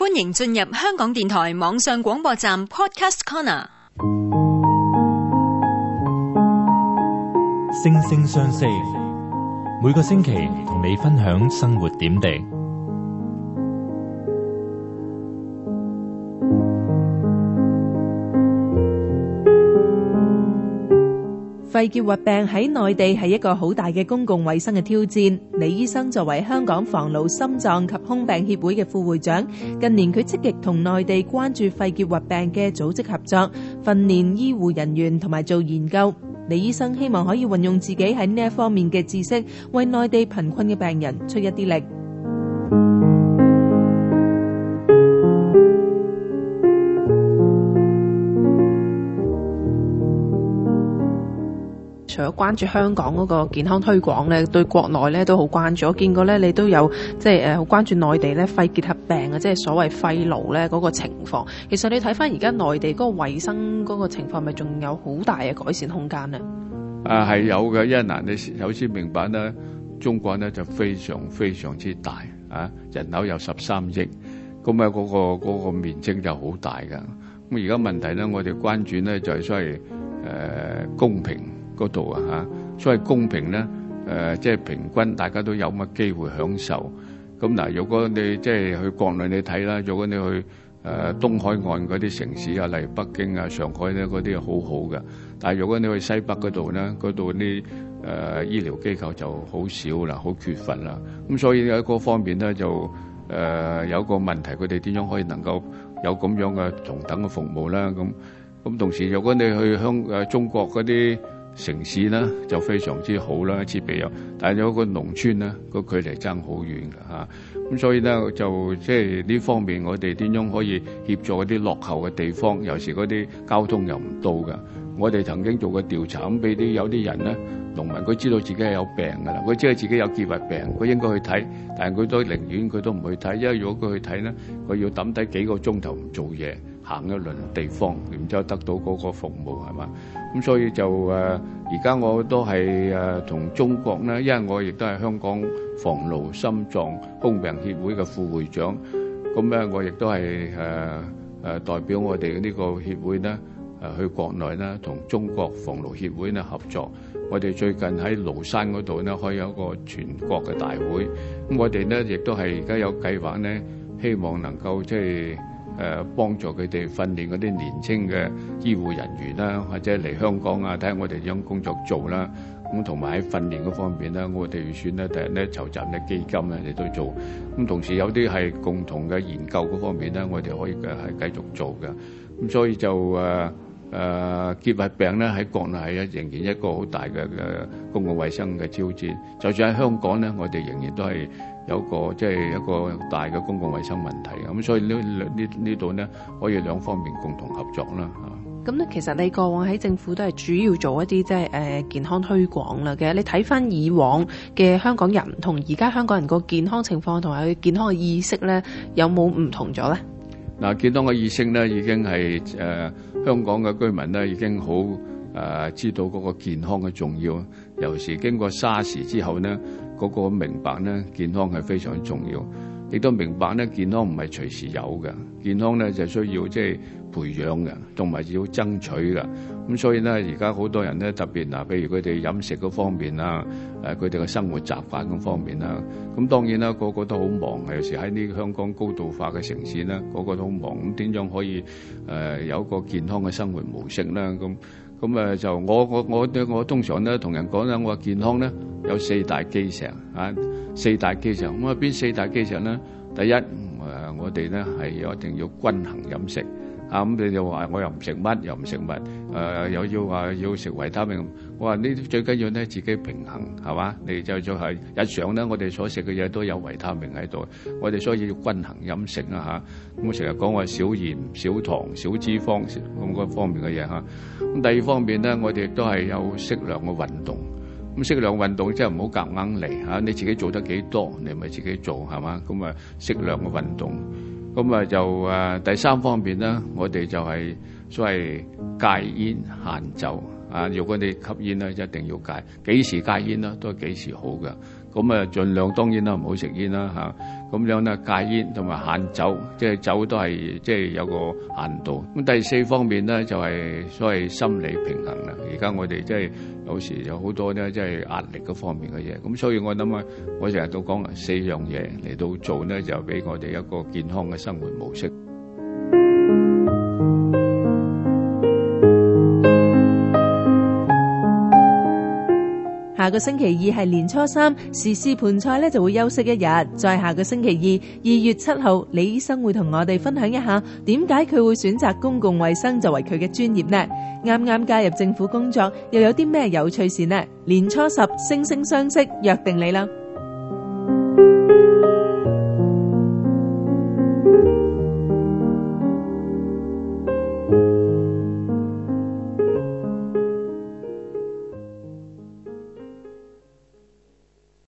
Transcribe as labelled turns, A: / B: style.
A: 歡迎進入香港電台網上廣播站 Podcast Corner，星聲相識，每個星期同你分享生活點滴。肺結核病喺內地係一個好大嘅公共衛生嘅挑戰。李醫生作為香港防癆心臟及胸病協會嘅副會長，近年佢積極同內地關注肺結核病嘅組織合作，訓練醫護人員同埋做研究。李醫生希望可以運用自己喺呢一方面嘅知識，為內地貧困嘅病人出一啲力。
B: 關注香港嗰個健康推廣咧，對國內咧都好關注。我見過咧，你都有即係誒，好關注內地咧肺結核病啊，即係所謂肺癆咧嗰個情況。其實你睇返而家內地嗰個衛生嗰個情況，咪仲有好大嘅改善空間咧？
C: 啊，係有嘅。因為嗱，你首先明白咧，中國咧就非常非常之大啊，人口有十三億，咁啊嗰個嗰、嗰個嗰個面積就好大噶。咁而家問題咧，我哋關注咧就係、是、所謂誒、呃、公平。度啊，嚇，所謂公平咧，誒、呃，即係平均，大家都有乜機會享受咁嗱。如果你即係去國內你睇啦，如果你去誒、呃、東海岸嗰啲城市啊，例如北京啊、上海咧，嗰啲好好嘅。但係如果你去西北嗰度咧，嗰度啲誒醫療機構就好少啦，好缺乏啦。咁所以喺嗰方面咧，就誒、呃、有一個問題，佢哋點樣可以能夠有咁樣嘅同等嘅服務啦？咁咁同時，如果你去香誒中國嗰啲，城市咧就非常之好啦，設備又，但係有個農村咧，個距離爭好遠㗎吓，咁、啊、所以咧就即係呢方面我哋，我哋點樣可以協助啲落後嘅地方？有時嗰啲交通又唔到㗎，我哋曾經做過調查，咁俾啲有啲人咧農民，佢知道自己係有病㗎啦，佢知道自己有結核病，佢應該去睇，但係佢都寧願佢都唔去睇，因為如果佢去睇咧，佢要抌低幾個鐘頭唔做嘢。行一輪地方，然之後得到嗰個服務係嘛？咁所以就誒，而、啊、家我都係誒、啊、同中國咧，因為我亦都係香港防癆心臟胸病協會嘅副會長，咁咧我亦都係誒誒代表我哋呢個協會咧誒去國內咧同中國防癆協會咧合作。我哋最近喺廬山嗰度咧開有一個全國嘅大會，咁我哋咧亦都係而家有計劃咧，希望能夠即係。誒幫助佢哋訓練嗰啲年輕嘅醫護人員啦，或者嚟香港啊，睇下我哋點樣工作做啦。咁同埋喺訓練嘅方面咧，我哋預算咧第日咧籌集啲基金咧嚟到做。咁同時有啲係共同嘅研究嗰方面咧，我哋可以嘅係繼續做嘅。咁所以就誒誒結核病咧喺國內係仍然一個好大嘅嘅公共衞生嘅挑戰。就算喺香港咧，我哋仍然都係。有個即係、就是、一個大嘅公共衛生問題啊！咁所以呢呢呢度咧，可以兩方面共同合作啦嚇。
B: 咁咧，其實你過往喺政府都係主要做一啲即係誒健康推廣啦嘅。你睇返以往嘅香港人同而家香港人個健康情況同埋佢健康嘅意識呢，有冇唔同咗
C: 呢？嗱，健康嘅意識呢已經係誒、呃、香港嘅居民呢已經好誒、呃、知道嗰個健康嘅重要，尤其是經過沙士之後呢。嗰、那個明白咧，健康係非常重要。亦都明白咧，健康唔係隨時有嘅，健康咧就是、需要即係培養嘅，同埋要爭取嘅。咁所以咧，而家好多人咧，特別嗱，譬如佢哋飲食嗰方面啊，誒佢哋嘅生活習慣嗰方面啦，咁當然啦，個個都好忙，有時喺呢個香港高度化嘅城市咧，個個都好忙，咁點樣可以誒、呃、有一個健康嘅生活模式咧？咁咁誒就我我我我通常咧同人講咧，我話健康咧有四大基石啊。四大基石咁啊，邊四大基石咧？第一誒、呃，我哋咧係一定要均衡飲食。啊、嗯、咁你又話我又唔食乜又唔食乜，誒、呃、又要話、啊、要食維他命，我話呢啲最緊要咧自己平衡係嘛？你就就係日常咧，我哋所食嘅嘢都有維他命喺度，我哋所以要均衡飲食啊。嚇、嗯。咁我成日講話少鹽少糖少脂肪咁嗰方面嘅嘢嚇。咁、啊嗯、第二方面咧，我哋都係有適量嘅運動。咁、嗯、適量運動即係唔好夾硬嚟嚇、啊，你自己做得幾多，你咪自己做係嘛？咁啊、嗯、適量嘅運動。.咁啊就誒第三方面咧，我哋就係所謂戒煙限酒啊！如果你吸煙咧，一定要戒。幾時戒煙咧，都係幾時好嘅。咁啊，儘量當然啦，唔好食煙啦嚇。咁樣咧戒煙同埋限酒，即係酒都係即係有個限度。咁第四方面咧就係所謂心理平衡啦。而家我哋即係有時有好多咧即係壓力嗰方面嘅嘢。咁所以我諗啊，我成日都講啊，四樣嘢嚟到做咧，就俾我哋一個健康嘅生活模式。
A: 下個星期二係年初三，時事盤菜咧就會休息一日。再下個星期二，二月七號，李醫生會同我哋分享一下點解佢會選擇公共衛生作為佢嘅專業呢？啱啱加入政府工作，又有啲咩有趣事呢？年初十，星聲相識，約定你啦。